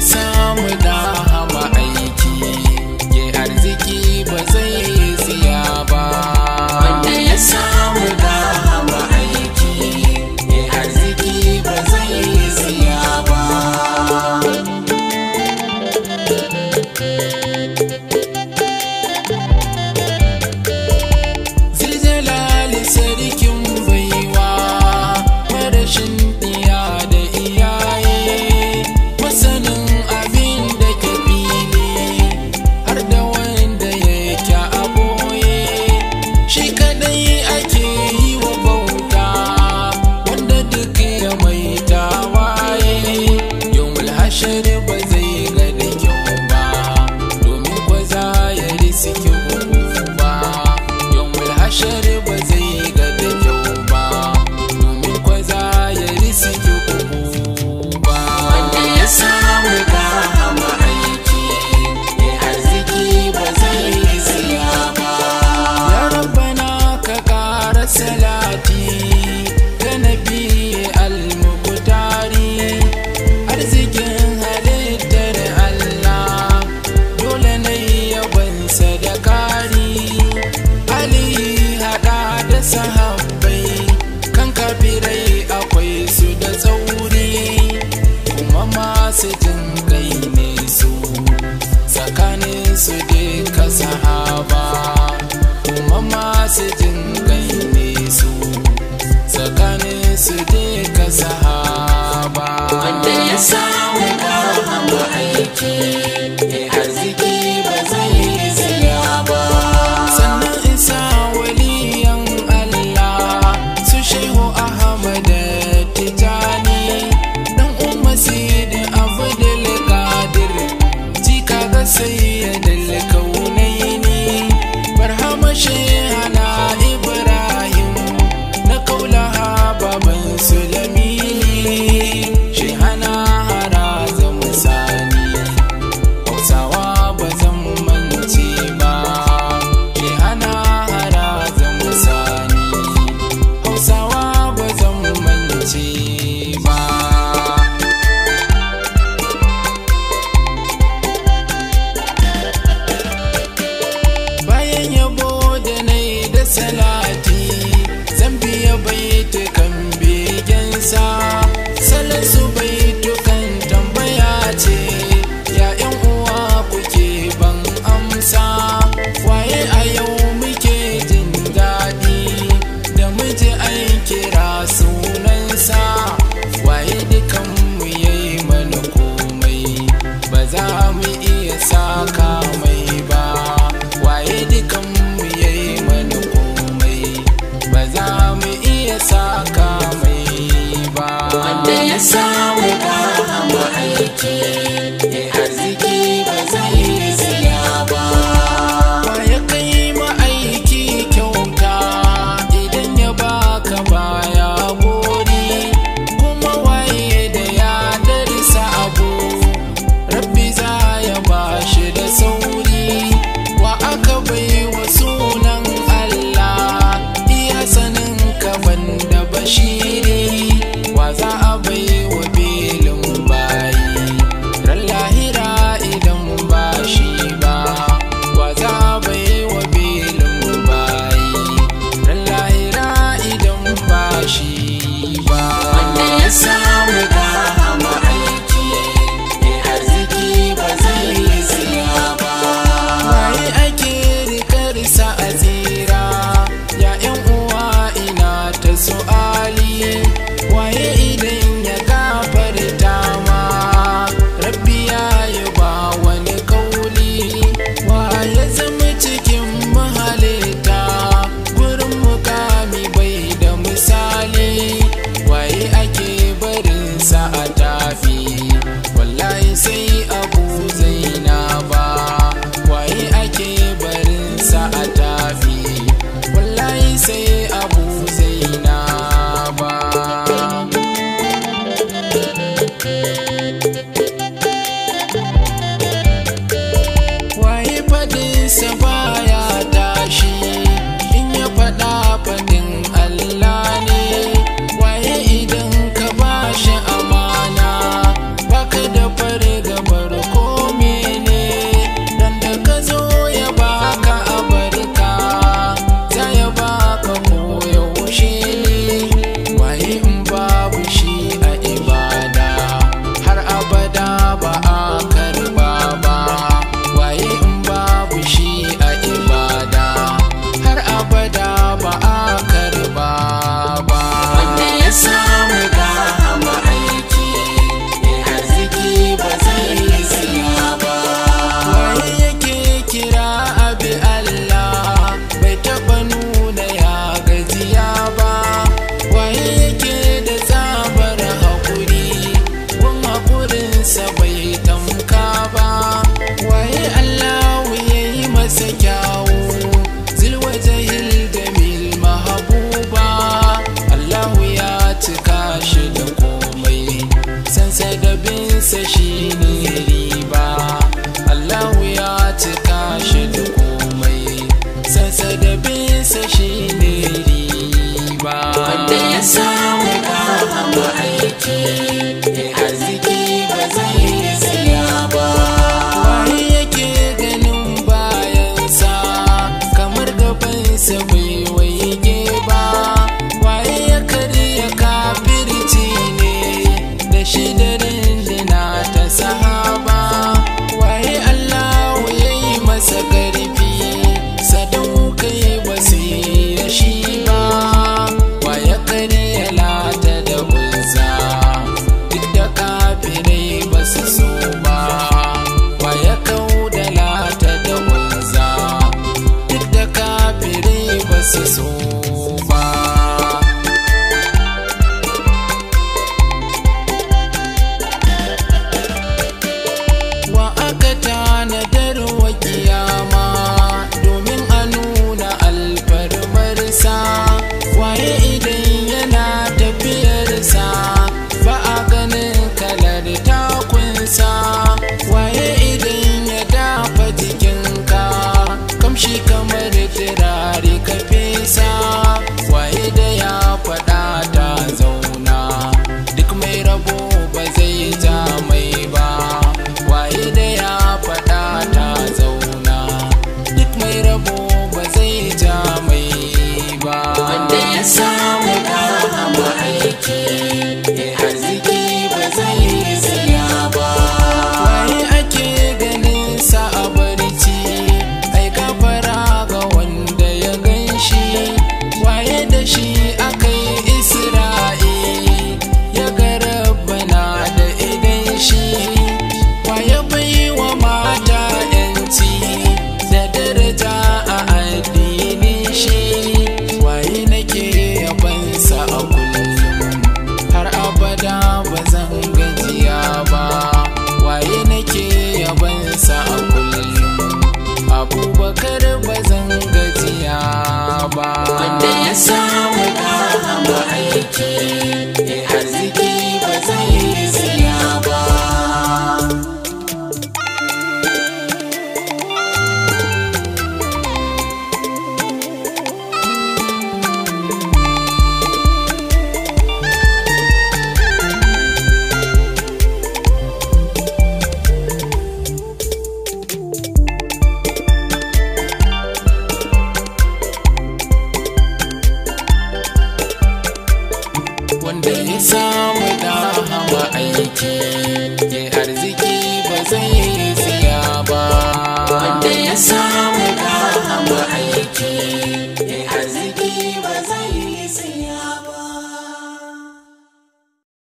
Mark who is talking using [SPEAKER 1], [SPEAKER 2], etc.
[SPEAKER 1] samu da hama aiki ya arziki ba zai siya ba wanda ya samu da hama aiki ya arziki ba zai siya ba You. baiti kan Música say se sombra. zone. wanda ya samu hawa aiki